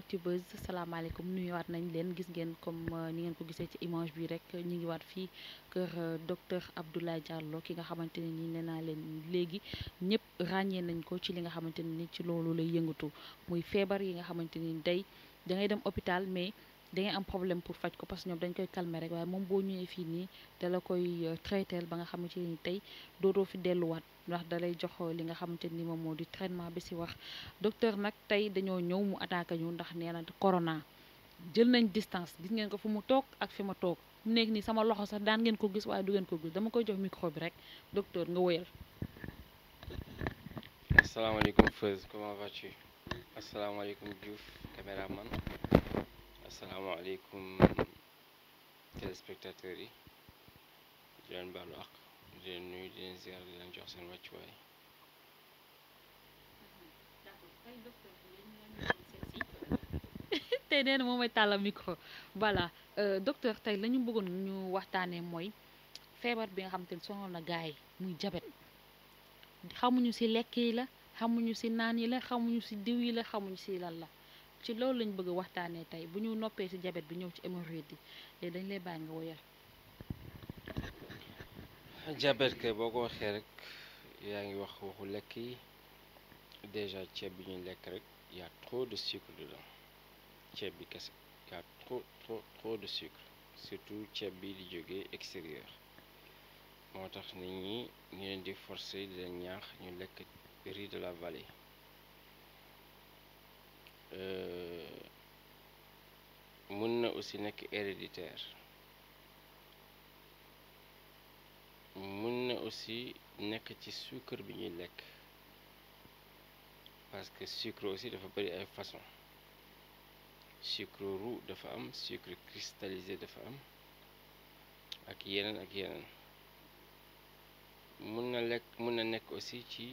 actu buzz salaamaaleykum nuyuwaat nañ leen gis ngeen comme euh, ni ngeen ko gisee ci image bi rek ñu ngi waat fii kër euh, docteur Abdoulaye Diallo ki nga xamante ne ni nee naa leen léegi ñëpp ràññee nañ ko ci li nga xamante ne ni ci loolu lay yëngatu muy feebar yi nga xamante ni day da ngay dem hôpital mais da am problème pour faj ko parce que ñoom dañ koy calmer rek waaye moom boo ñëwee fii nii da la koy euh, traiter ba nga xamante ni tey dootoo fi delluwaat. ndax dalay jox li nga xamante ni moom moo di traitement bi ci wax docteur nag tey dañoo ñëw mu attaqué ñu ndax nee na corona jël nañ distance gis ngeen ko fu mu toog ak fi ma toog mu nekk nii sama loxo sax daan ngeen ko gis waaye du ngeen ko gis dama koy jox micro bi rek docteur nga wóyal. asalaamaaleykum Feuz comment asalaamaaleykum Diouf caméraman yi di leen nuyu tey nee na moom mooy tàllal micro voilà euh, docteur tey la ñu bëggoon ñu waxtaanee mooy feebar bi nga xam te ne sonal na gaay muy jabet xamuñu ci lekk yi la xamuñu ci naan yi la xamuñu ci diw yi la xamuñu ci lan la ci loolu lañ bëgg waxtaanee tey bu ñu noppee ci jabet bi ñëw ci hémorroïde yi léegi dañ lay bàyyi nga woyal diabète kay boo ko waxee rek yaa ngi wax waxu lekk yi déjà ceeb bi ñuy lekk rek y a trop de sucre dedans ceeb bi kese y a trop de sucre surtout ceeb bi di jógee extérieur moo tax nit ñi ñu leen di forcer di leen ñaax ñu lekk riz de la vallée euh, mën na aussi nekk héréditaire mun na aussi nekk ci suukar bi ñuy lekk parce que sucre aussi dafa bëri ay façon sucre dafa am sucre cristallisé dafa am ak yeneen ak yeneen mun na na nekk aussi ci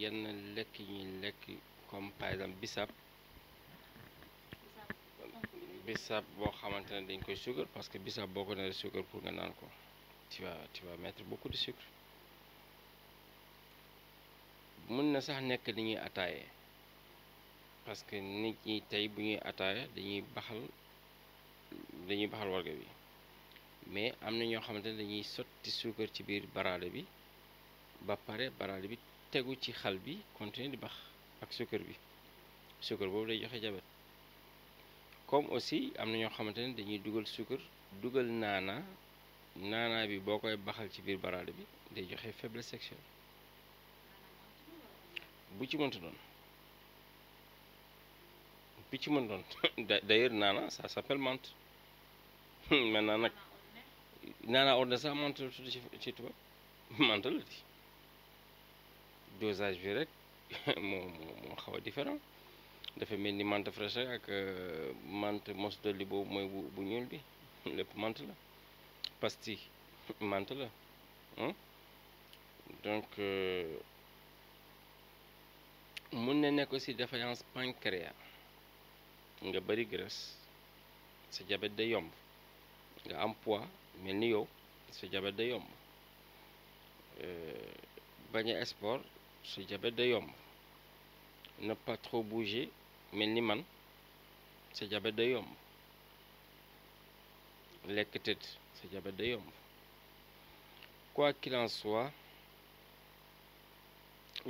yenn lekk yi ñuy lekk comme par exemple bisaab bisaab boo xamante ne dañ koy suukar parce que bisaab boo ko naree suukar pour nga naan ko tu vas tu vas mettre beaucoup de mën na sax nekk li ñuy ataaye parce que nit ñi tey bu ñuy ataaye dañuy baxal dañuy baxal warga bi mais am na ñoo xamante ne dañuy sotti suukar ci biir baraade bi ba pare baraade bi tegu ci xal bi continuer di bax ak suukar bi suukar boobu day joxe jabet comme aussi am na ñoo xamante ne dañuy dugal suukar dugal naana naanaa bi boo koy baxal ci biir baraada bi day joxe faible sexuelle bu ci mënta doon bu ci mën doon d'ailleurs naana ça s'appelle menthe maintenant nag naana ordre sax menthe la tudd ci ci tubaab menthe la di dosage bi rek moo moo xaw différent dafa mel ni menthe fraîche ak euh, menthe mos dolli boobu mooy bu ñuul bi lépp menthe la pastille mant la hmm? donc euh, mun na nekk aussi défaillance pancréas nga bëri graisse sa jabet day yomb nga am poids mel ni yow sa jabet day yomb euh, bañ a sport sa jabet day yomb ne pas trop mel ni man sa jabet day yomb lekk tëdd sa jabar day yomb quoi qu'il en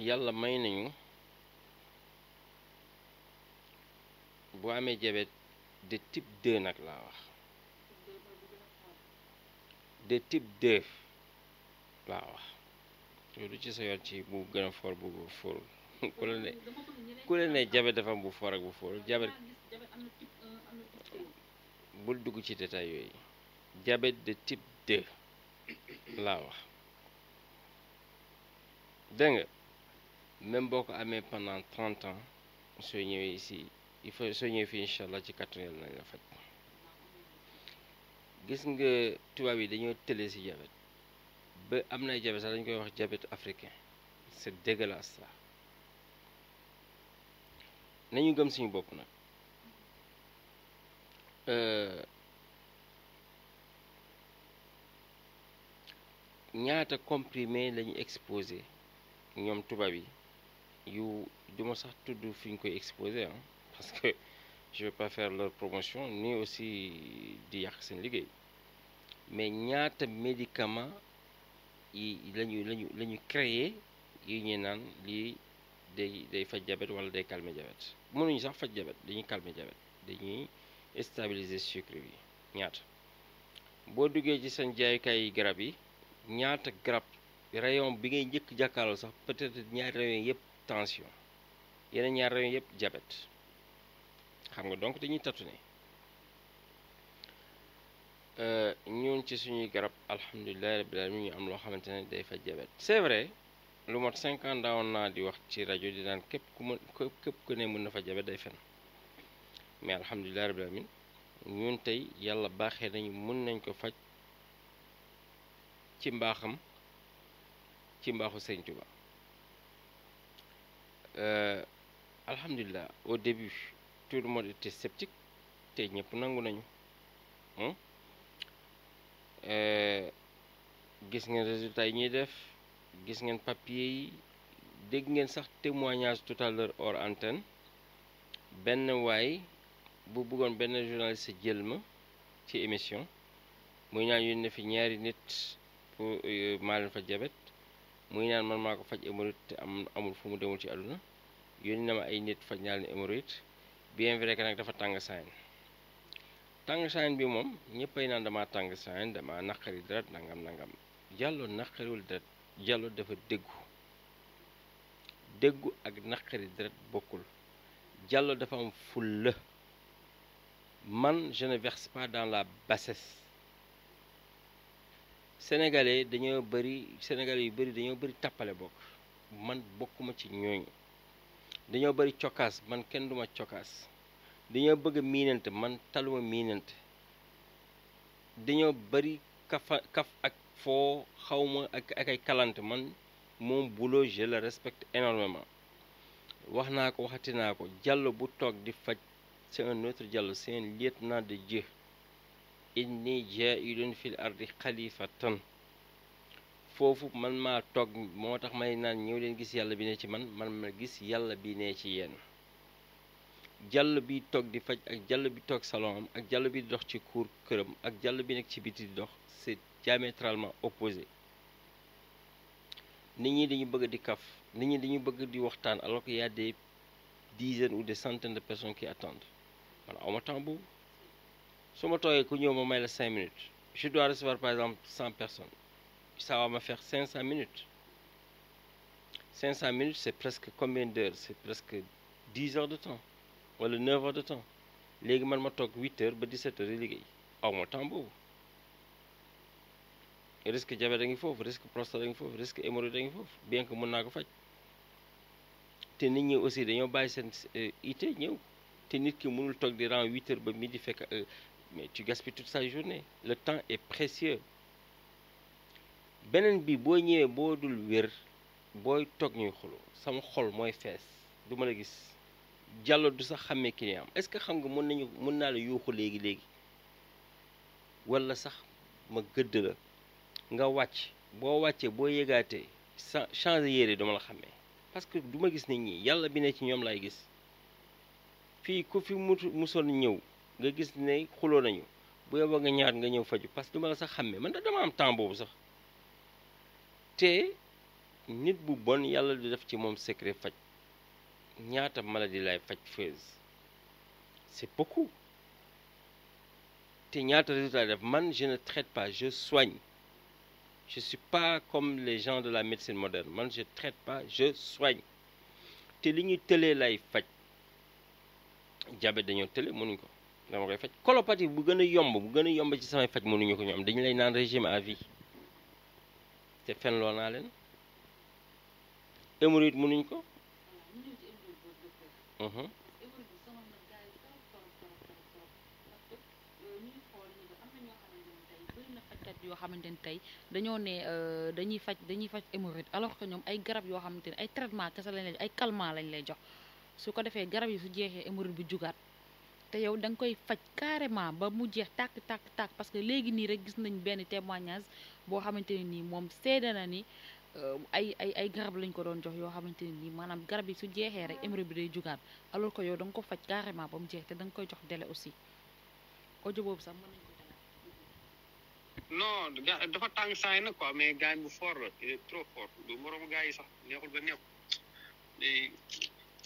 yàlla may nañu boo amee jabet de type 2 nag laa wax de type 2 laa wax loolu ci sa yoon ci bu gën a for bu for ku la ku la ne diabète dafa bu for ak bu for diabète bul dugg ci détail yooyu diabète de type 2 laa wax dégg nga même boo ko amee pendant 30 ans soo ñëwee si il faut soo ñëwee fii incha ci kàttan yàlla nañ la faj gis nga tubaab yi dañoo tële si diabète ba am na ay diabète sax dañ koy wax diabète africain c'est dégueulasse ça nañu gëm suñu bopp nag. Euh, ñaata comprimé lañu exposé ñoom tubaab yi yu duma sax tudd fi ñu koy exposé ah parce que je veux pas faire leur promotion ni aussi di yàq seen liggéey mais ñaata médicament yi lañu lañu la ñu yi ñu naan lii day day faj jabet wala day calmer jabet mënuñu sax faj jabet dañuy calmer jabet dañuy stabiliser sucre yi ñaata boo duggee ci seen jaayukaay garab yi ñaata garab rayon bi ngay njëkk jàkkaarloo sax peut-être ñaari rayon yëpp tension yeneen ñaari rayon yëpp jabet xam nga donc dañuy tâtonner euh, ñun ci suñuy garab alhamdulilahi rabbil alamin ñu am loo xamante ne day faj diabète c'est vrai lu mot cinq ans daawoon naa di wax ci rajo di naan képp ku mën képp ku ne mën na fa diabète day fen mais alhamdulilahi rabbil alamin ñun tey yàlla baaxee nañu mën nañ ko faj ci mbaaxam ci mbaaxu Sëñ Tuba euh, alhamdulilah au début tout le monde était te ñëpp nangu nañu euh, gis ngeen résultats yi ñuy def gis ngeen papier yi dégg ngeen sax témoignage tout à l'heure hors antenne benn waay bu bëggoon benn journaliste jël ma ci émission muy ñaan yu ne fi ñaari nit ko e, maa leen faj jabet muy naan man maa ko faj hémorroïde te am amul fu mu demul ci àdduna yónni na ma ay nit faj naa leen hémorroïde bien vrai que nag dafa tàng saañ tàng saañ bi moom ñëppay naan damaa tàng saañ damaa naqari deret nangam nangam jàlloo naqariwul deret jàlloo dafa déggu déggu ak naqari deret bokkul jàlloo dafa am fulla man je ne dans la bassesse sénégalais dañoo bari sénégalais yu bari dañoo bari tappale bokk man bokkuma ci ñooñu dañoo bari cokkaas man kenn duma cokkaas dañoo bëgg miinante man taluma miinante dañoo bëri kafa kaf ak foo xawma ak ay kalante man moom boulot je le respecte énormément wax naa ko waxati naa ko Diallo bu toog di faj c'est un autre Diallo c'est un lieutenant de Dieu inni jaa'ilun fil ardi xalifatan foofu man ma toog moo tax may naan ñëw leen gis yàlla bi ne ci man man ma gis yàlla bi ne ci yéen jàll bi toog di faj ak jàll bi toog salon am ak jàll bi dox ci kuur këram ak jàll bi nekk ci biti di dox c'est diamétralement opposé nit ñi dañu bëgg di kaf nit ñi dañu bëgg di waxtaan alors qu'il y a des ou des centaines de personnes qui attendent man awma temps su ma toogee ku ñëw ma may la cinq minutes je dois par exemple cent personnes ça va me faire cinq cent minutes cinq cent minutes c'est presque combien d'heures c'est presque dix heures de temps wala neuf heures de temps léegi man ma toog huit heures ba dix-sept heures yi liggéey aw ma temps boobu risque diabète a ngi foofu risque prostate a ngi foofu risque hémorroïde a ngi foofu bien que mën naa ko faj te nit ñi aussi dañoo bàyyi seen euh, ité ñëw te nit ki mënul toog di rang huit heures ba midi fekk euh, mais tu gaspilles toute sa journée le temps et précieux beneen bi boo ñëwee boo dul wér booy toog ñuy xuloo sama xol mooy fees duma la gis jàllo du sax xàmmee client am ce que xam nga mën nañu mën naa la yuuxu léegi léegi walla sax ma gëdd la nga wàcc boo wàccee boo yëgaatee sa changé yére dama la xàmmee parce que du ma gis nit ñi yàlla bi ne ci ñoom laay gis fii ku fi mutu musoon ñëw nga gis ne xuloo nañu bu yeboo nga ñaar nga ñëw faju parce que du ma la sax xàmmee man da dama am temps boobu sax te nit bu bon yàlla du def ci moom secret faj ñaata maladie lay faj feuse c'est beaucoup te ñaata résultat def man je ne traite pas je soigne je suis pas comme les gens de la médecine moderne man je traite pas je soigne te li ñuy tëlee lay faj diabète dañoo tële mënuñ ko dama koy faj colopathie bu gën a yomb bu gën a yomb ci samay faj mënuñu ko ñoom dañu lay naan régime à vie te fen loo naa leen hémorroïde mënuñ ko yoo xamante ni tey dañoo ne euh, dañuy faj dañuy faj hémorroïde alors que ñoom ay garab yoo xamante ni ay traitement kese lañ lay ay calmant lañ lay jox su ko defee garab yi su jeexee hémorroïde bu jugaat te yow da nga koy faj carrément ba mu jeex tàkk tàkk tàkk parce que léegi nii rek gis nañ benn témoignage boo xamante ne nii moom seede na ni euh, ay ay ay garab lañ ko doon jox yoo xamante ne nii maanaam garab yi su jeexee rek hémorroïde bi day jugaat alors ko yow danga nga ko faj carrément ba mu jeex te da nga koy jox délai aussi audio boobu sax non dafa tàng saay na quoi mais gaañ bu fort la il est trop fort du moroom gaa yi sax neexul ba neexul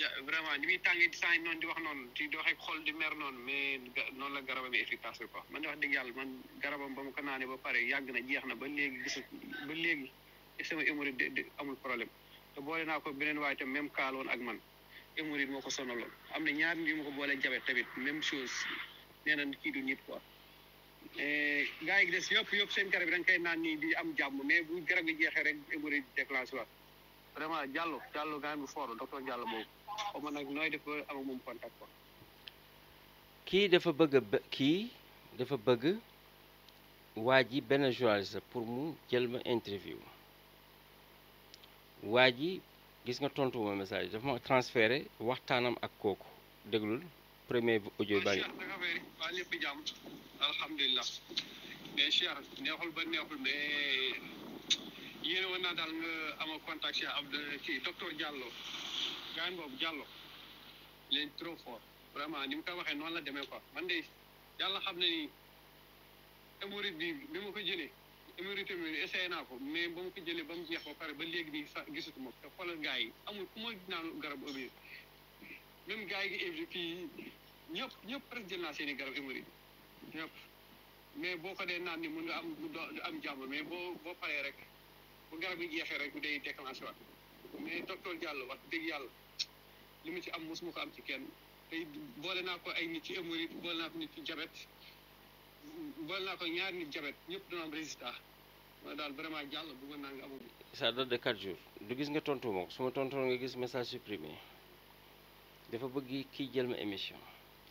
ja vraiment li muy tàngee saa yi noonu di wax noonu di doxee xol di mer noon mais noon la garabam efficace quoi man di wax dëgg yàlla man garabam ba mu ko ba pare yàgg na jeex na ba léegi gisu ba léegi sama hémorroïde amul problème te boole naa ko beneen waaye tam même kaaloon ak man hémorroïde moo ko sonaloon am na ñaar yu ma ko boolee jabet tamit même chose nee na kii du nit quoi eh, gars yi des yëpp yëpp seen garab yi da koy naan nii di am jàmm mais bu garab yi jeexee rek hémorroïde déclenché waat vraiment Diallo Diallo gars bi fort docteur Diallo boobu xaw ma nag moom kii dafa bëgg kii dafa bëgg waa ji benn journaliste pour mu jël ma interview waa ji gis nga tontu ma message dafa ma transféré waxtaanam ak kooku déglul premier audio baa ngi. alhamdulilah mais Cheikh neexul yéen woon naa daal nga ama contact Cheikh Abdou kii docteur Diallo gaan boobu Diallo leen trop fort vraiment ni mu ko waxee noonu la demee ko man de yàlla xam ne ni émorite bi bi ma jëlee émorite bi naa ko mais ba mu ko jëlee ba mu jeex ba pare ba léegi nii sax gisatu ma te xoolal gars amul ku ma naanu garab émorite même gars yi évité ñëpp ñëpp presque jël naa seen i garab émorite mais boo ko dee naan ni mën nga am am jàmm mais boo boo paree rek bu garab yi jeexee rek day déclenché waat mais tool Diallo wax dëgg yàlla li mu ci am mosuma ko am ci kenn boole naa ko ay nit ci hémorroïde boole naa ko nit ci jabet boole naa ko ñaari nit jabet ñëpp dana am résultat daal vraiment Diallo bëggoon naa nga amul. ça date de quatre du gis nga tontu moom su ma tontoon nga gis message supprimé dafa bëgg kii jël ma émission.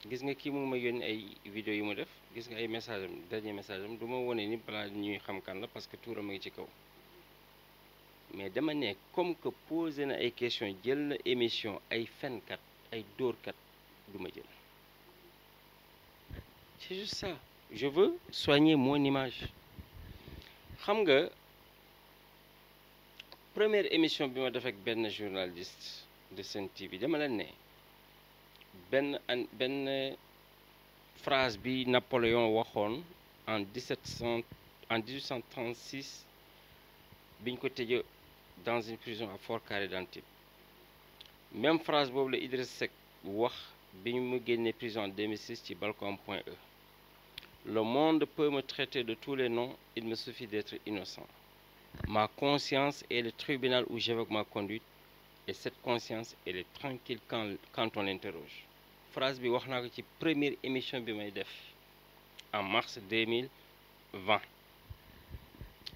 gis nga kii mu ma yónni ay vidéo yi mu def gis nga ay message am dernier message am ma wone ni balaa ñuy xam kaan la parce que tuuram a ngi ci kaw mais dama ne comme que posé na ay question jël na émission ay fenkat ay dóorkat du ma jël ci juste ça je veux soigner mon image xam nga première émission bi ma def ak benn journaliste de Sen TV dama leen ne benn an benn phrase bi Napoléon waxoon en 1700 en 1836 biñ ko tëjee dans une prison à Fort Carré d'Antibes même phrase boobu la Idriss Seck wax bi mu génnee prison en 2006 ci Balcom point E le monde peut me traiter de tous les noms il me suffit d'être innocent ma conscience est le tribunal où j'évoque ma conduite et cette conscience elle est tranquille quand quand on l'interroge phrase bi wax naa ko ci première émission bi may def en mars 2020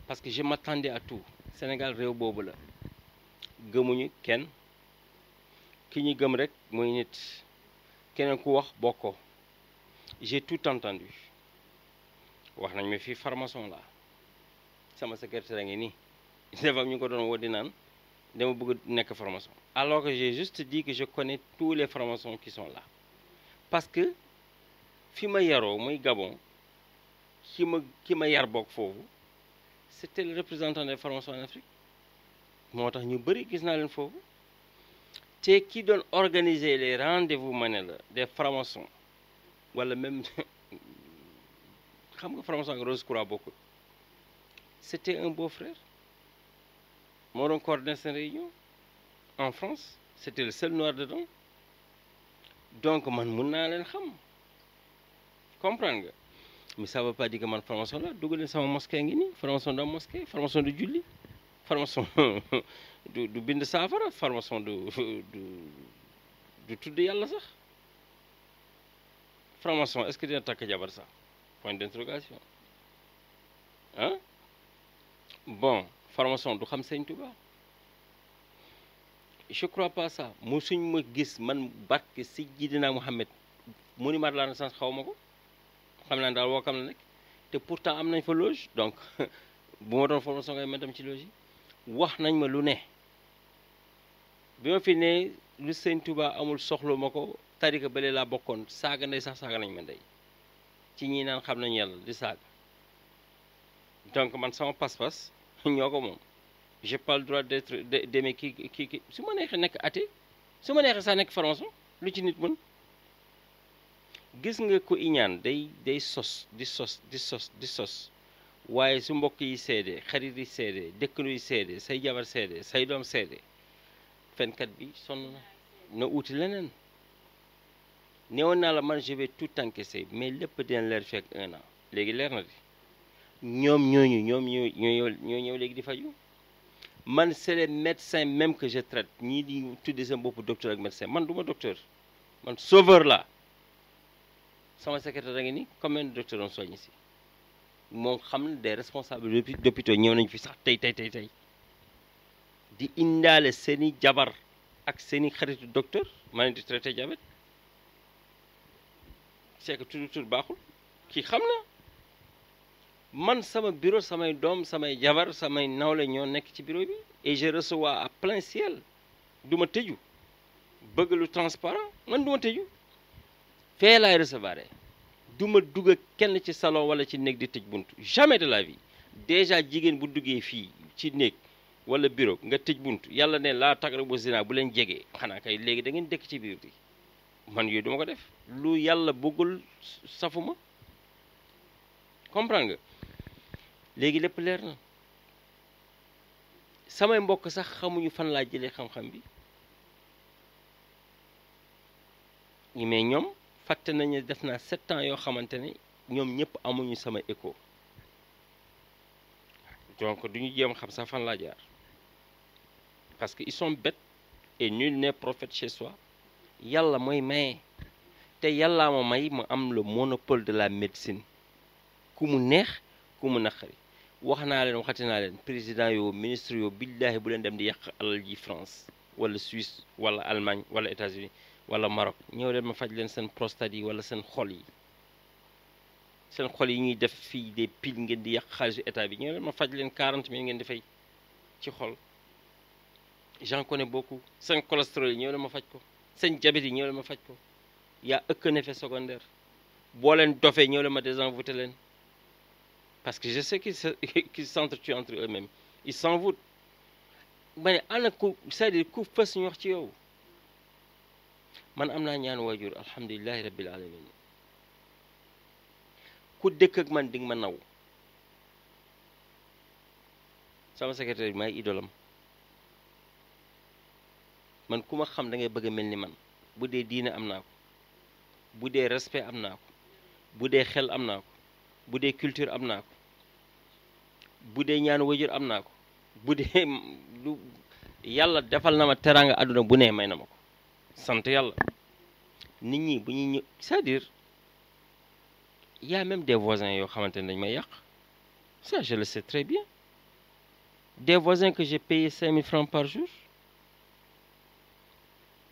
parce que je m'attendais à tout Sénégal réew boobu la gëmuñu kenn ki ñu gëm rek muy nit keneen ku wax bokkoo j'ai tout entendu wax nañ ma fii farmaçon la sama secrétaire a ngi nii defam ñu ko doon woo di naan dama bëgg nekk farmaçon alors que j'ai juste dit que je connais tous les francs-maçons qui sont là parce que fi ma yaroo muy Gabon ki ma ki ma yar bokk foofu c'était le représentant des formations en Afrique moo tax ñu bëri gis naa leen foofu te ki doon organiser les rendez-vous ma ne la des francs wala même xam nga francs-maçons ak Rose Croix bokkul c'était un beau frère moo doon coordonner seen réunion en France c'était le seul noir dedans donc man mun naa leen xam comprendre nga mais ça veut pas dire que man formation la dugg sama mosquée ngi nii formation de mosquée formation de julli formation du bind saafara formation du tudd yàlla sax formation est-ce que dina takk jabar sax point d'interrogation ah bon formation du xam Sëñ Tuubaa je crois pas ça mosuñ ma gis man barke Seydina Muhammad monument de la Renaissance xaw ma ko xam naa daal wokkam la nekk te pourtant am nañ fa loge donc bu ma doon formation ngay ma dem ci loge wax nañ ma lu ne bi ma fi ne lu sëñ Touba amul soxla ma ko tarika bële laa bokkoon saaga ndey sax saaga nañ ma ndey ci ñi naan xam nañ yàlla di saaga donc man sama pas-pas ñoo ko moom j'ai pas de droit d'être d'aimer kii kii kii su ma neexee nekk athée su ma neexee saa nekk franc lu ci nit mën gis nga ko iñaan day day sos di sos di sos di sos waaye su mbokk yi seede xarit yi seede dëkkanu yi seede say jabar seede say doom seede fenkat bi sonn na na uuti leneen neewoon naa la man je vais tout encaisser mais lépp dina leer fekk un an léegi leer na di ñoom ñooñu ñoom ñoo ñoo ñoo ñëw léegi di faju man c'est les médecins même que je traite ñii di tudde seen bopp docteur ak médecin man du ma docteur man sauveur la sama secrétaire a ngi ni combien de docteurs ont soigné si moom xam ne des responsables d'hôpitaux ñëw nañu fi sax tey tey tey tey di indaale seeni jabar ak seeni xaritu docteur ma di traité diabète c'est que tudd tur baaxul kii xam na man sama bureau samay doom samay jabar samay nawle ñoo nekk ci bureau bi et je reçois à ciel du ma tëju bëgg lu transparent man du tëju fee laay recevoir du ma dugg kenn ci salon wala ci néeg di tëj bunt jamais de la vie déjà jigéen bu duggee fii ci néeg walla bureau nga tëj bunt yàlla ne laa taqrabu zina bu leen jege xanaa kay léegi da ngeen dëkk ci biir bi man yooyu duma ko def lu yàlla bëggul safuma comprendre nga léegi lépp leer na samay mbokk sax xamuñu fan laa jëlee xam-xam bi mais ñoom. fàtte nañu def naa sept ans yoo xamante ne ñoom ñëpp amuñu sama écho donc duñu jéem xam sa fan laa jaar parce que ils sont bêtes et nul n'est prophète chez soi yàlla mooy maye te yàllaa ma may ma am le monopole de la médecine ku mu neex ku mu naqari wax naa leen waxati naa leen président yoo ministre yoo billaahi bu leen dem di yàq alal ji France wala Suisse wala Allemagne wala États-Unis wala Maroc ñëw leen ma faj leen seen prostate yi wala seen xol yi seen xol yi ñuy def fii des piles ngeen di yàq xaalisu état bi ñëw leen ma faj leen 40 mille ngeen di fay ci xol j'en connais beaucoup seen cholestérol yi ñëw leen ma faj ko seen diabète yi ñëw leen ma faj ko yaa aucun effet secondaire boo leen dofee ñëw leen ma désenvoûté leen parce que je sais qu'ils se qu'ils s'entretuent entre eux-mêmes ils s'envoûtent ma ne ana ku c'est-à-dire fës ñu wax ci yow man am naa ñaan waajur alhamdulilahi rabbil alamin ku dëkk ak man di ma naw sama secrétaire bi maay idolam man kuma xam dangay bëgg a mel ni man bu dee diine am naa ko bu dee respect am naa ko bu dee xel am naa ko bu dee culture am naa ko bu dee ñaan wajur am naa ko bu dee yàlla defal na ma teraanga àdduna bu ne may na ma ko sant yàlla nit ñi bu ñuy ñëw cest dire y a même des voisins yoo xamante ne dañ may yàq ça je le sais très bien des voisins que j'ai payé cinq mille francs par jour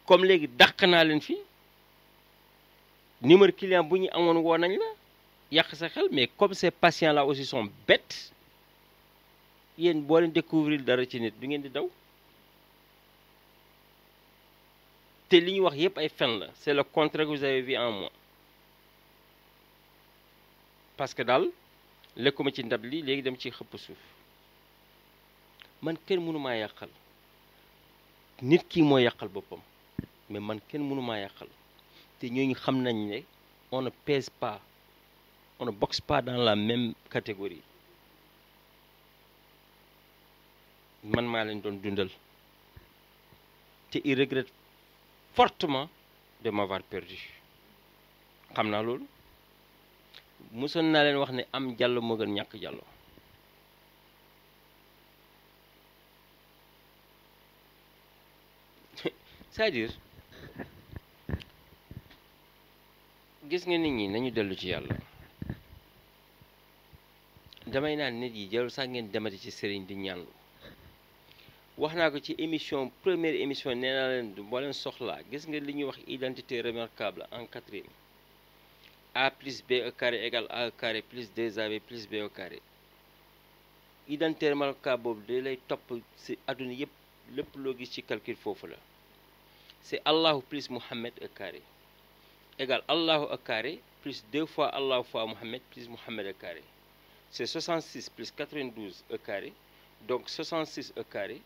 comme léegi dàq naa leen fii numéro client bu ñu amoon woo nañ la yàq sa xel mais comme ces patients là aussi sont bêtes yéen boo leen découvrir dara ci nit du ngeen di daw te li ñu wax yëpp ay fen la c'est le contraire que vous en moi parce que daal lekkuma ci ndab li léegi dem ci xëpp suuf man kenn mënumaa yàqal nit ki moo yàqal boppam mais man kenn mënumaa yàqal te ñooñu xam nañ ne on ne pèse pas on boxe pas dans la même catégorie man maa leen doon dundal te il regrette fortement de m'avoir perdu xam naa loolu mosoon naa leen wax ne am jàll moo gën ñàkk jàllo cest à gis nga nit ñi nañu dellu ci yàlla damay naan nit yi jarul saa ngeen demati ci sëriñ di ñaanlu wax naa ko ci émission première émission nee leen du boo leen soxlaa gis nga li ñuy wax identité remarquable en quatrième a plus b au carré égale a au carré plus 2ab plus b au carré identité remarquable boobu da lay topp si àdduna yëpp lépp loo gis ci calcul foofu la c'est allahu plus Mohammed au carré égale allahu au carré plus deux fois allahu fois Mohammed plus Mohammed au carré c'est 66 plus 92 au carré donc 66 au carré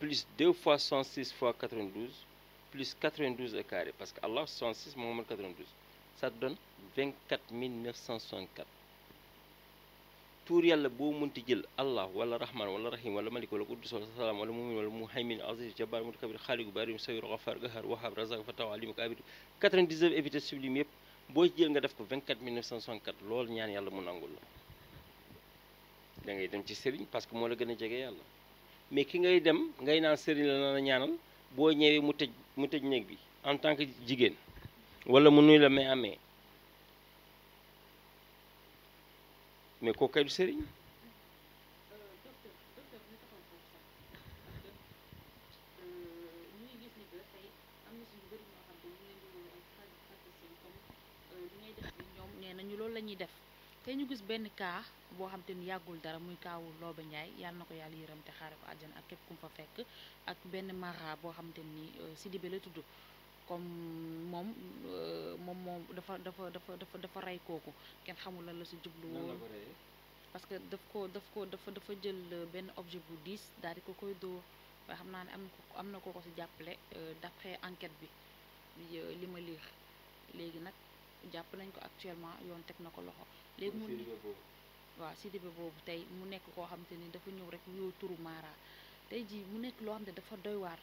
plus 2 fois 66 fois 92 plus 92 au parce que Allah 66 moo mën 92 ça donne 24 964 tuur yàlla boo mënti jël Allah wala rahman wala rahim wala malik wala quddus wala salaam wala mumin wala muhaymin aziz jabbar mutakabir xaaligu barim sawir gafar gahar wahab razak fataw alim kabir 99 évité sublime boo jël nga def ko 24 ñaan yàlla mu nangul la da dem ci sëriñ parce que moo la gën a jege yàlla mais ki ngay dem ngay naan sëriñ la na ñaanal boo ñëwee mu tëj mu tëj néeg bi en tant que jigéen wala mu nuy la may amee mais kooku kay du sëriñ ñuy def tey ñu gis benn kaa boo xam te ni yàggul dara muy kaawu Lobé Ndiaye yàlla na ko yàlla yaram te xaare ko àjjana ak képp kum fa fekk ak benn mara boo xam te ni euh, Sidibé la tudd comme moom euh, moom moom dafa dafa dafa dafa dafa rey kooku kenn xamul lan la si jublu woon parce que daf ko daf ko dafa dafa jël euh, benn objet bu diis daal di ko koy dóor waaye xam naa ne am na ko am na ko ko si jàppale d'après enquête bi li ma liir léegi nag jàpp nañ ko actuellement yoon teg na ko loxo léegi mu waaw Sidibé boobu tey mu nekk koo xamante ni dafa ñëw rek yow turu Mara tey loo xam ne dafa doy waar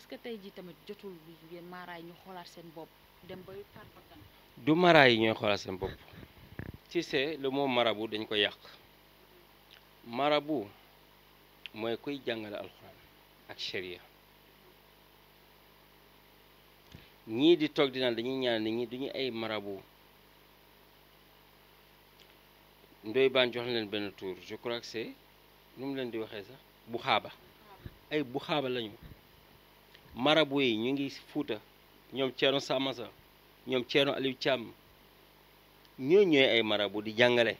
ce que tey jii tamit jotul yéen Mara ñu xoolaat seen bopp dem bay Mara yi ñooy xoolaat seen bopp ci see le mot marabu dañ ko yàq marabu mooy kuy jàngale alxuraan ak sharia ñii di toog di naan dañuy ñaan nit ñi duñu ay marabu Ndoye Bane jox leen benn tour je crois que c'est mu leen di waxee sax bu xaaba ay bu xaaba lañu marabu yi ñu ngi Fuuta ñoom Thierno Samassa ñoom Thierno Aliou càmm ñoo ñooy ay marabu di jàngale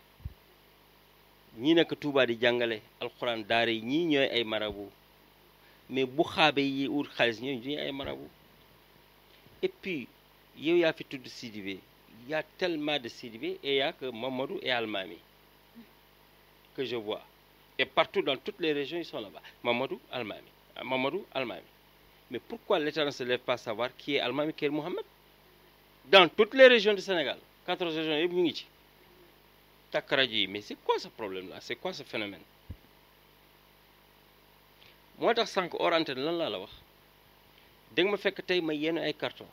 ñi nekk Touba di jàngale alxuraan daar yi ñii ñooy ay marabu mais bu xaaba yi ut xaalis ñooy ñooy ay marabu et puis yow yaa fi tudd Sidibé y a tellement de Sidibé bi y a que Mamadou et Almami que je vois. Et partout dans toutes les régions, ils sont là-bas. Mamadou Almami. Ah, Mamadou Mais pourquoi l'État ne se lève pas à savoir qui est Almami, qui est Mohamed Dans toutes les régions du Sénégal, 14 régions, Mungichi. Takradji, mais c'est quoi ce problème-là C'est quoi ce phénomène moo tax sànq hors antenne lan laa la wax da ma fekk tey ma yenn ay carton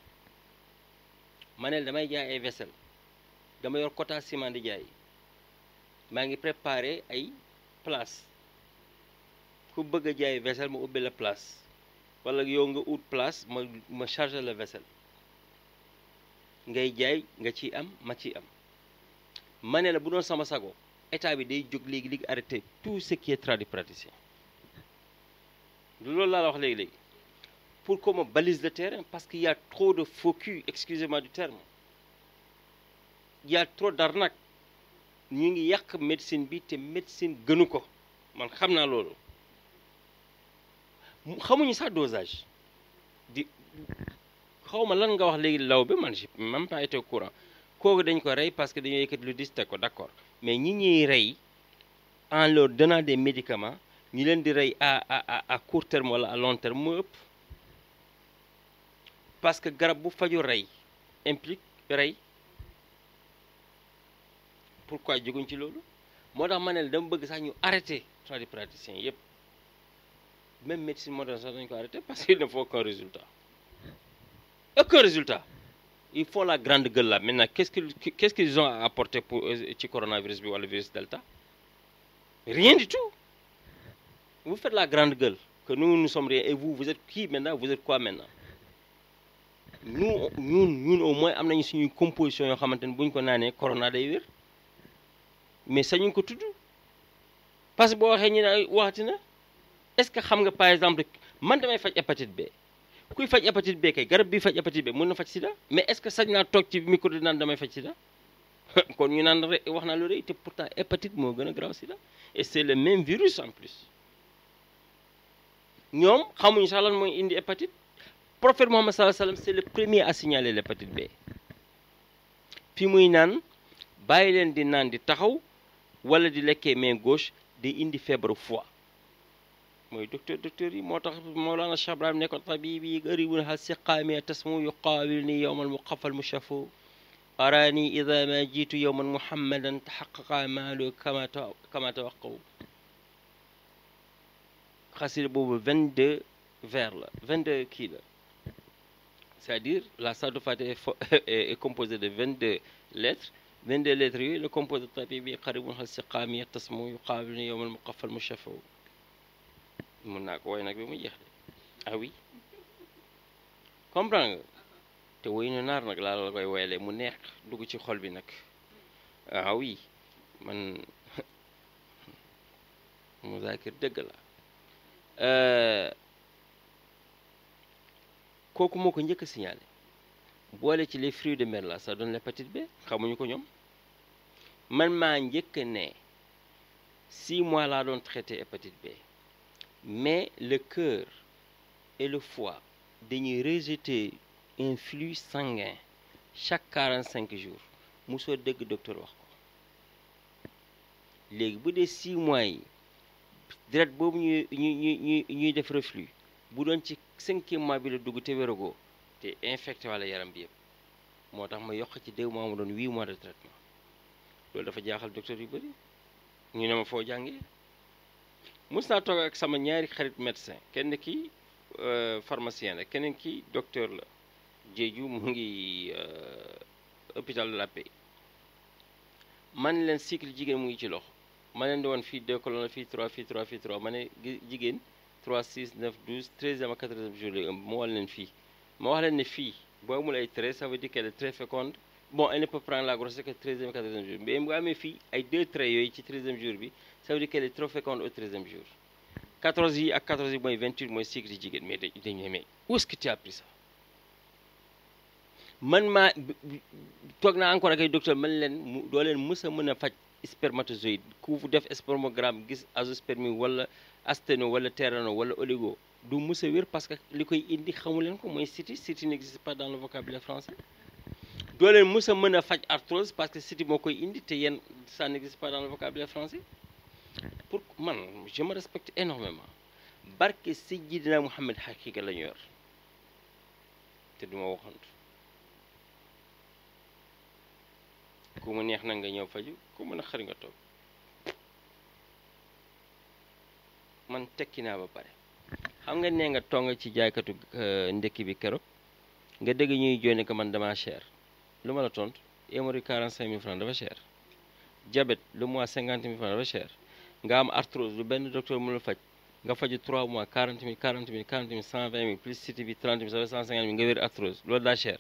ma ne damay jaay ay vaisselle dama yor quota ciment di jaay maa ngi préparé ay place ku bëgg a jaay vaisselle ma ubbi la place wala yow nga ut place ma ma chargé la vaisselle ngay jaay nga ci am ma ci am ma ne la bu doon sama sago état bi day jóg léegi léegi arrêté tout ce qui est tradipraticien loolu laa wax léegi léegi pour qu'on balise le terrain parce que yaa a trop de faux culs, excusez-moi du terme. Il y a trop ñu ngi yàq médecine bi te médecine gënu ko man xam naa loolu xamuñu sax dosage di xaw ma lan nga wax léegi law bi man j'ai même pas été courant kooku dañ ko rey parce que dañoo yëkkati lu dis teg ko d'accord mais ñi ñuy rey en leur donnant des médicaments ñu leen di rey à à a court terme wala à long terme moo ëpp parce que garab bu faju rey implique rey pourquoi jóguñ ci loolu moo tax ma ne dama bëgg sax ñu arrêté tradipraticiens yëpp même médecine moderne sax dañu ko arrêté parce qu'il ne faut aucun résultat aucun résultat il faut la grande gueule la maintenant qu'est-ce que qu'est-ce qu'ils ont à apporter pour euh, ci coronavirus bi wala virus delta rien du tout vous faites la grande gueule que nous nous sommes rien et vous vous êtes qui maintenant vous êtes quoi maintenant nous ñun ñun au moins am nañu suñuy composition yoo xamante ne bu ñu ko naanee corona mais sañuñ ko tudd parce que boo waxee ñu ne waxati na est-ce que xam nga par exemple man damay faj hépatite B kuy faj hépatite B kay garab bi faj hépatite B mën na faj sida mais est-ce que sañ naa toog ci micro di naan damay faj sida kon ñu naan wax naa lu rëy te pourtant hépatite moo gën a grave sida et c'est le même virus en plus ñoom xamuñu sax lan mooy indi hépatite prophète Mohammed sallallahu alayhi wa sallam c'est le premier à signaler l'hépatite B fi muy naan bàyyi leen di naan di taxaw wala di lekkee main gauche day indi feebaru foie mooy docteur docteur yi moo tax Mawlana Cheikh Ibrahim ne ko tabibi garibun hal siqaami tasmu yuqaabil ni yowmal muqafal mushafu araani ida ma jiitu yowman muhammadan taxaqaqa maalu kama kama tawaqaw xasida boobu 22 vers la 22 kii la c'est-à-dire la Sadou Fati est, est composée de 22 lettres 22 lettres yooyu le composé tapis bi xaribun xal si qaam yattasmu yuqaabilu yowmal muqaffal mushafaw mun naa ko woy nag bi mu jeex de ah oui te woy ñu naar nag laa la koy woyalee mu neex dugg ci xol bi nag ah oui man muzaakir dëgg la kooku moo ko njëkk a signalé boole ci les fruits de mer la ça donne l'hépatite B xamuñu ko ñoom man maa njëkk ne six mois laa doon traité hépatite B mais le cœur et le foie dañuy rejeter un flux sanguin chaque quarante cinq jours mosoo dëgg docteur wax ko léegi bu dee six mois yi deret boobu ñuy ñuy ñuy ñuy def reflux bu doon ci cinquième mois bi la dugg te wéragoo te infecté wala yaram bi yëpp moo tax ma yokk ci deux mois mu doon huit mois de traitement. loolu dafa jaaxal docteur yu bëri ñu ne ma foo jàngee mus naa toog ak sama ñaari xarit médecin kenn ki euh, pharmacien la keneen ki docteur la jeeju mu ngi euh, hôpital de man leen cycle jigéen mu ngi ci loxo ma leen di woon fii deux colonnes fii trois fii trois fii trois ma ne jigéen 3 6 9 12 13e ak 14e jour lay ëmb ma leen fii ma wax leen ne fii boo amul ay treize ça veut dire qu'elle est très bon elle ne peut prendre la grossesse que 13e 14e jour mais mu amee fii ay deux traits yooyu ci 13e jour bi ça veut dire qu'elle est trop féconde au 13e jour 14 yi ak 14 yi mooy 28 mooy cycle yi jigéen mais dañu ne mais où est-ce que tu as appris ça man maa toog naa encore ak ay docteur man leen mu doo leen mës a mën a faj spermatozoïde ku def spermogramme gis azoospermie wala asténo wala terrano wala oligo du mës a wér parce que li koy indi xamu leen ko mooy city city n'existe pas dans le vocabulaire français doo leen mës a mën a faj arthrose parce que siti moo koy indi te yéen ça n'existe par dans le vocabulaire français pour man je me respecte énormément barke Seydina Mouhamed xaqiqa la ñu yor te duma waxantu ku mu neex na nga ñëw faju ku mën a xër nga toog man tekki naa ba pare xam nga nee nga tong ci jaaykatu euh, ndekki bi keroog nga dégg ñuy joone ko man dama cher lu ma la tontu hémorroïde 45 mille francs dafa cher diabète le mois 50 mille francs dafa cher nga am arthrose lu benn docteur mënul faj nga faju 3 mois 40 mille 40 mille 40 mille 120 mille plus cité bi 30 mille mille nga wér arthrose loolu daa cher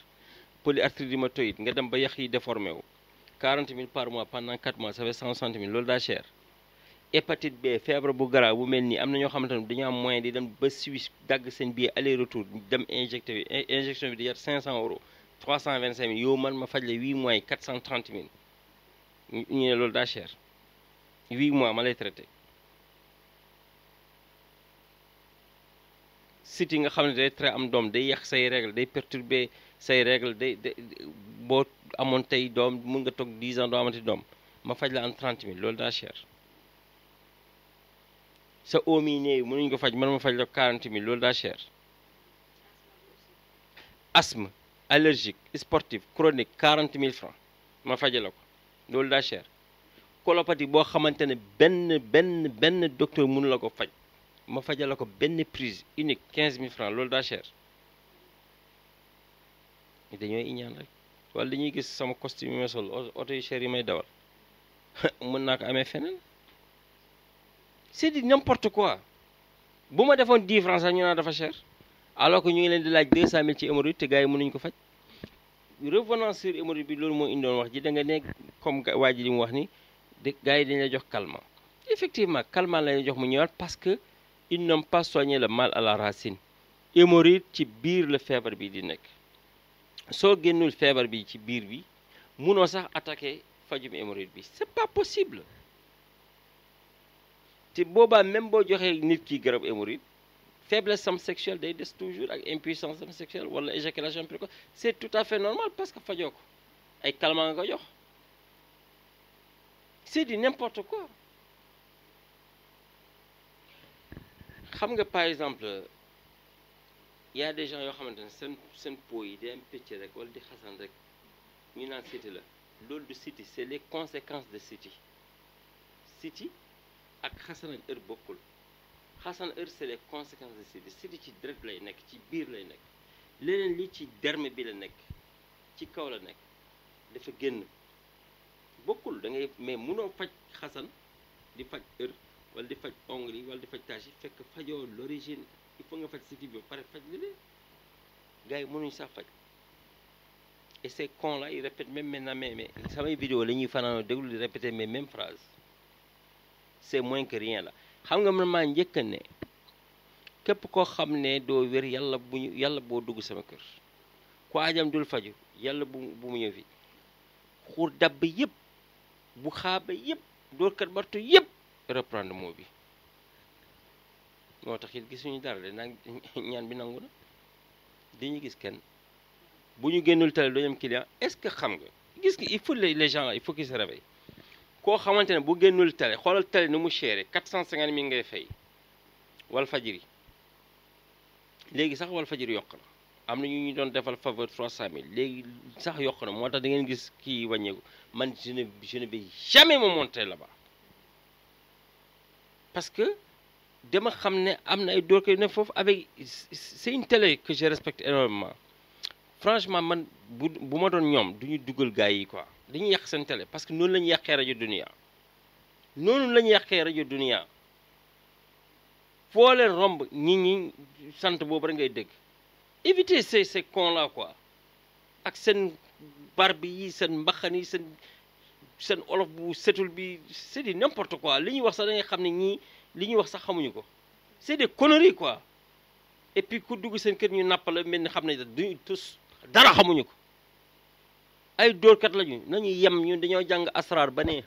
polyarthrite rhumatoïde nga dem par mois pendant 4 mois ça loolu daa cher hépatite B feebar bu gara bu mel nii am na ñoo xamante ne dañu am moyen di dem ba Suisse dagg seen billet aller retour dem injecté injection bi di yar 500 trois cent vingt cinq mille yow man ma faj la huit mois yi quatre cent trente mille ñu mois ma traité site yi nga xam ne am doom day yàq say règle day perturber say règle day day amoon tey doom mën nga toog dix ans doo amati doom ma faj la am trente mille loolu daa cher sa oom yi néew mënuñ ko faj man ma faj la quarante mille loolu daa cher asthme allergique sportive chronique quarante mille francs ma fajala ko loolu daa cher colopathie boo xamante ne benn benn benn docteur mënu la ko faj ma fajala ko benn prise unique quinze mille francs loolu daa cher dañoo iñaan rek wala dañuy gis sama costume yi may sol oto yu cher yi may dawal mën naa ko amee feneen c'est di n'importe quoi bu ma defoon dix francs sax ñu naa dafa cher alors que ñu ngi leen di laaj 200000 ci hémorroïde te gars yi mënuñu ko faj revenance sur bi loolu moo indoon wax ji da nga nekk comme waa ji li mu wax ni de gars yi dañ la jox calmant effectivement calmant la jox mu ñëwaat parce que ils n'ont pas soigné le mal à la racine hémorroïde ci biir la feebar bi di nekk soo génnul feebar bi ci biir bi munoo sax attaqué fajum hémorroïde bi c'est pas possible te boobaa même boo joxee nit ki garab hémorroïde faiblesse sam sexuelle day des toujours ak impuissance sam sexuelle wala éjaculation précoce c' est tout à fait normal parce que fajoo ko ay calmant nga jox c' est du n'importe quoi xam nga par exemple ya des gens yoo xamante ne seen seen peau yi day am pecc wala di xasan rek ñu naan siti la loolu du siti c' est les conséquences de siti siti ak xasan ak heure bokkul xasan heurselé conséquence de sida sida ci dërët lay nekk ci biir lay nekk leneen li ci derme bi la nekk ci kaw la nekk dafa génn bokkul da ngay mais mënoo faj xasan di faj hër wala di faj ongle yi di faj tache yi fekk fajoo l'origine il faut nga faj sida bi ba pare faj li leen gars yi mënuñu sax faj et ces cons là ils répètent même maintenant mais mais samay vidéo la ñuy fanaanoo déglu di répéter mes mêmes phrases c'est moins que rien la xam nga ma maa njëkk ne képp koo xam ne doo wér yàlla bu ñu yàlla boo dugg sama kër ku ajam dul faju yàlla bu bu mu ñëw fi xuur dabb yëpp bu xaaba yëpp doorkat bartu yëpp reprendre moo bi moo tax it gisuñu dara de nag ñaan bi nangu na di ñu gis kenn bu ñu génnul tale doo am client est-ce que xam nga gis nga il faut les gens il faut koo xamante ne bu génnul télé xoolal télé ni mu chéré 450 mille ngay fay wal fajiri léegi sax wal fajiri yokk na am na ñu ñu doon defal faveur 300 mille léegi sax yokk na moo tax da ngeen gis kii wàññeeku man je ne je ne vais jamais me montrer là-bas parce que dama xam ne am na ay dóor ne foofu avec c'est une télé que je respecte énormément franchement man bu bu ma doon ñoom duñu ñu dugal gars yi quoi dañuy yàq seen télé parce que noonu lañu ñu yàqee rajo Dunia noonu la yàqee rajo Dunia foo leen romb ñi ñi sant boobu rek ngay dégg éviter ces ces cons là ak seen barbi yi seen mbaxan yi seen bu setul bi c'est du n'importe quoi li ñuy wax sax da ngay xam ne ñii li ñuy wax sax xamuñu ko c'est des conneries quoi et puis ku dugg seen kër ñu nappale mel ni xam ne duñu tous dara xamuñu ko ay dóorkat lañu nañu yem ñu dañoo jàng asraar ba ne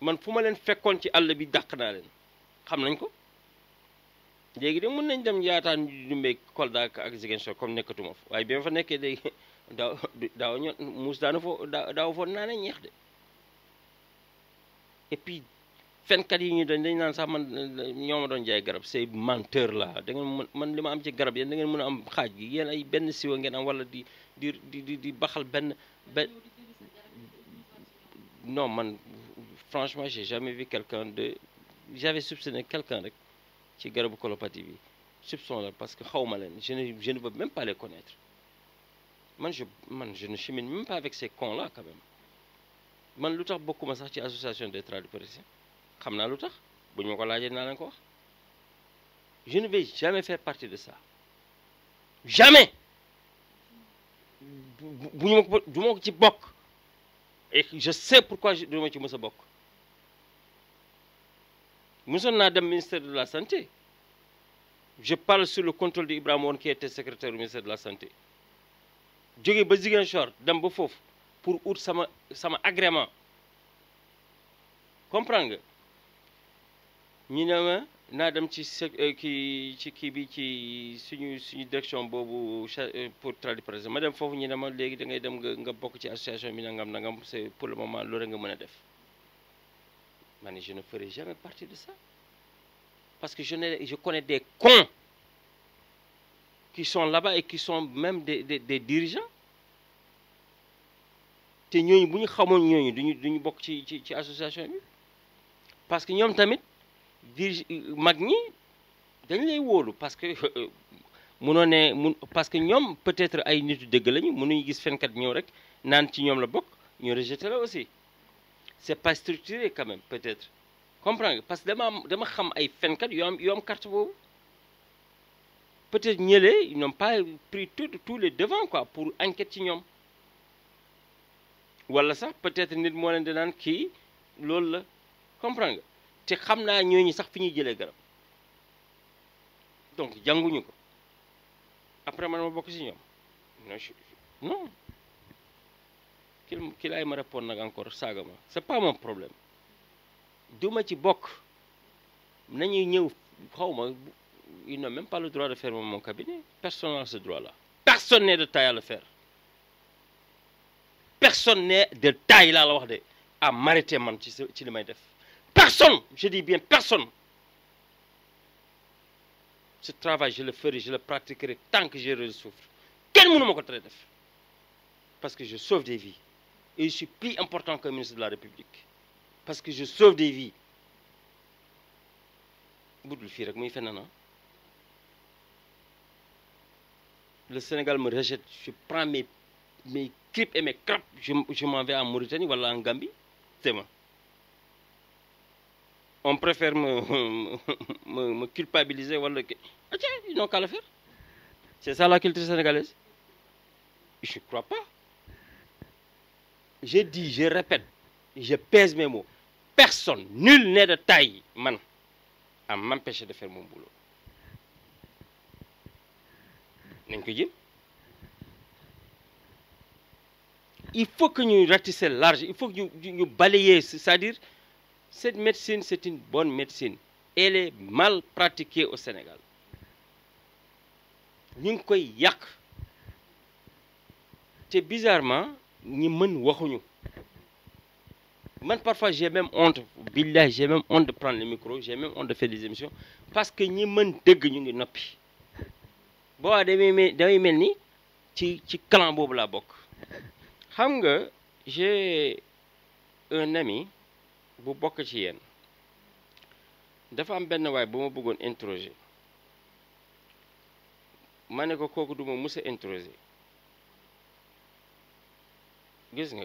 man fu ma leen fekkoon ci àll bi dàq naa leen xam nañ ko léegi de mën nañ dem yaataan ñu dumbee Kolda ak Ziguinchor comme nekkatuma fa waaye bi fa nekkee de daaw muus daanu foo daaw foon naa ñeex de et puis fenkat yi ñu doon dañ naan sax man eh, ñoo ma doon jaay garab say menteur la da ngeen man li ma am ci garab yéen da ngeen mën a am xaaj gi yéen ay benn siwa ngeen am wala di di di di baxal benn benn non man franchement j'ai jamais vu quelqu'un de j'avais soupçonné quelqu'un rek ci garabu colopathie bi soupçon la parce que xaw ma leen je ne je ne veux même pas les connaître man je man je ne chemine même pas avec ces cons là quand même man lu tax bokkuma sax ci association des tradipraticiens xam naa lu tax bu ñu ma ko laajee naa leen ko wax je ne vais jamais faire partie de ça jamais bu ñu ma ko du ma ko ci bokk et je sais pourquoi du ma ci mës a bokk mosoon naa dem ministère de la santé je parle sur le contrôle de Ibrahima woon qui était secrétaire du ministère de la santé jóge ba Ziguinchor dem ba foofu pour ut sama sama agrément comprendre nga ñu ne ma naa dem ci se euh, kii ci kii bi ci suñu suñu direction boobu euh, pour tradipresse ma dem foofu ñu ne ma léegi da ngay dem nga nga bokk ci association bi nangam nangam c'est pour le moment loolu nga mën a def ma ne je ne ferai jamais partie de ça parce que je ne je connais des cons qui sont là-bas et qui sont même des des, des dirigeants te ñooñu bu ñu xamoon ñooñu duñu duñu bokk ci ci ci association bi parce que ñoom tamit. dirige mag ñi dañ lay wóolu parce que euh, munoo ne mun parce que ñoom peut-être ay nitu dëgg lañu mënuñu gis fenkat ñëw rek naan ci ñoom la bokk ñu rejeté la aussi c'est pas structuré quand peut-être comprends nga parce que dama am dama xam ay fenkat yoo am yoo am boobu peut-être ñële ils n'ont pas pris tout tous les devants quoi pour enquête ci ñoom walla sax peut-être nit moo leen di naan kii loolu la comprends nga te xam naa ñooñu sax fi ñuy jëlee garab donc jànguñu ko après man ma bokk si ñoom non non ki ki ma répondre nag encore saaga ma c'est pas mon problème duma ci bokk nañuy ñëw xaw ma il n'a même pas le droit de faire mon cabinet personne n'a ce droit là personne n'est de taille à le personne n'est de taille laa la wax de à m'arrêter man ci ci li may def personne, je dis bien personne. Ce travail, je le ferai, je le pratiquerai tant que j'aurai le souffle. Quel monde m'a def Parce que je sauve des vies. Et je suis plus important que le ministre de la République. Parce que je sauve des vies. Le Sénégal me rejette. Je prends mes, mes clips et mes crapes. Je, je m'en vais en Mauritanie, voilà en Gambie. on préfère me, me, me culpabiliser. Voilà, ah tiens, ils n'ont qu'à le la culture sénégalaise. Je crois pas. Je dis, je pèse mes mots. Personne, nul n'est de taille, man, à m'empêcher de faire mon boulot. Il faut que nous ratissions large, il faut que nous, nous c'est-à-dire Cette médecine, c'est une bon médecine. Elle est mal pratiquée au Sénégal. ñu ngi koy yàq te bisarment ñi mën waxuñu man parfois j'ai même honte billahi j'ai même honte de prendre le micro j'ai même honte de faire des émissions parce que ñi mën dëgg ñu ngi noppi boo damay mel damay mel ni ci ci clan boobu laa bokk xam nga j'ai un ami bu bokk ci yéen dafa am benn waay bu ma bëggoon introsé ma ne ko kooku du mus a introsé gis nga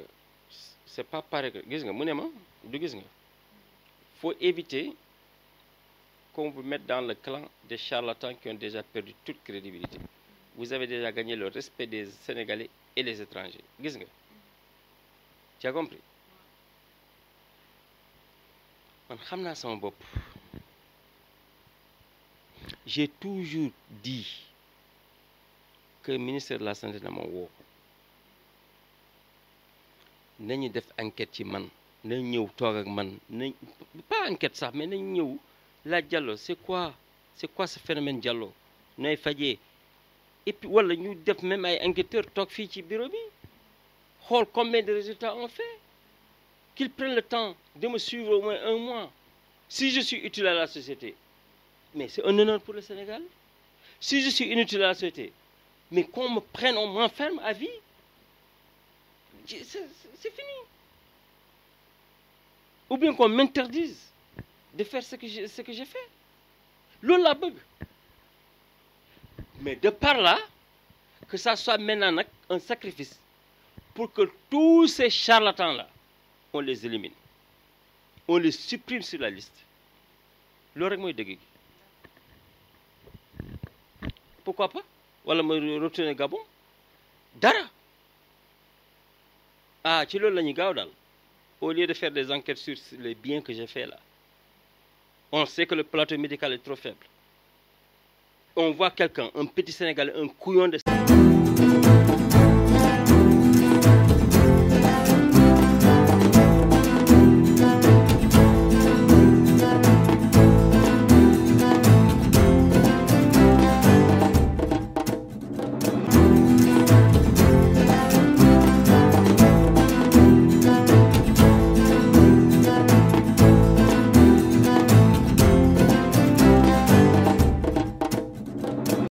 c'est pas pareil que gis nga mu ne ma du gis nga faut éviter qu'on vous mette dans le clan des charlatans qui ont déjà perdu toute crédibilité vous avez déjà gagné le respect des Sénégalais et les étrangers gis nga man xam naa sama bopp j'ai toujours di que ministère de la santé na ma woo nañu def enquête ci man na ñëw toog ak man nañ pas enquête sax mais nañ ñëw laaj Diallo c'est quoi c'est quoi ce phénomène Diallo nooy fajee et puis ñu def même ay enquêteurs toog fii ci bureau bi xool combien de résultats on fait qu'ils prennent le temps de me suivre au moins un mois. Si je suis utile à la société, mais c'est un honneur pour le Sénégal. Si je suis inutile à la société, mais qu'on me prenne, on m'enferme à vie, c'est fini. Ou bien qu'on m'interdise de faire ce que j'ai fait. loolu laa bëgg mais de par là que ça soit maintenant nag un sacrifice pour que tous ces charlatans là on les élimine on les supprime sur la liste loolu rek mooy dëgg gi pourquoi pas wala ma retourner Gabon dara ah ci loolu la ñuy gaaw daal au lieu de faire des enquêtes sur les biens que j'ai fait là on sait que le plateau médical est trop faible on voit quelqu'un un petit Sénégalais un couillon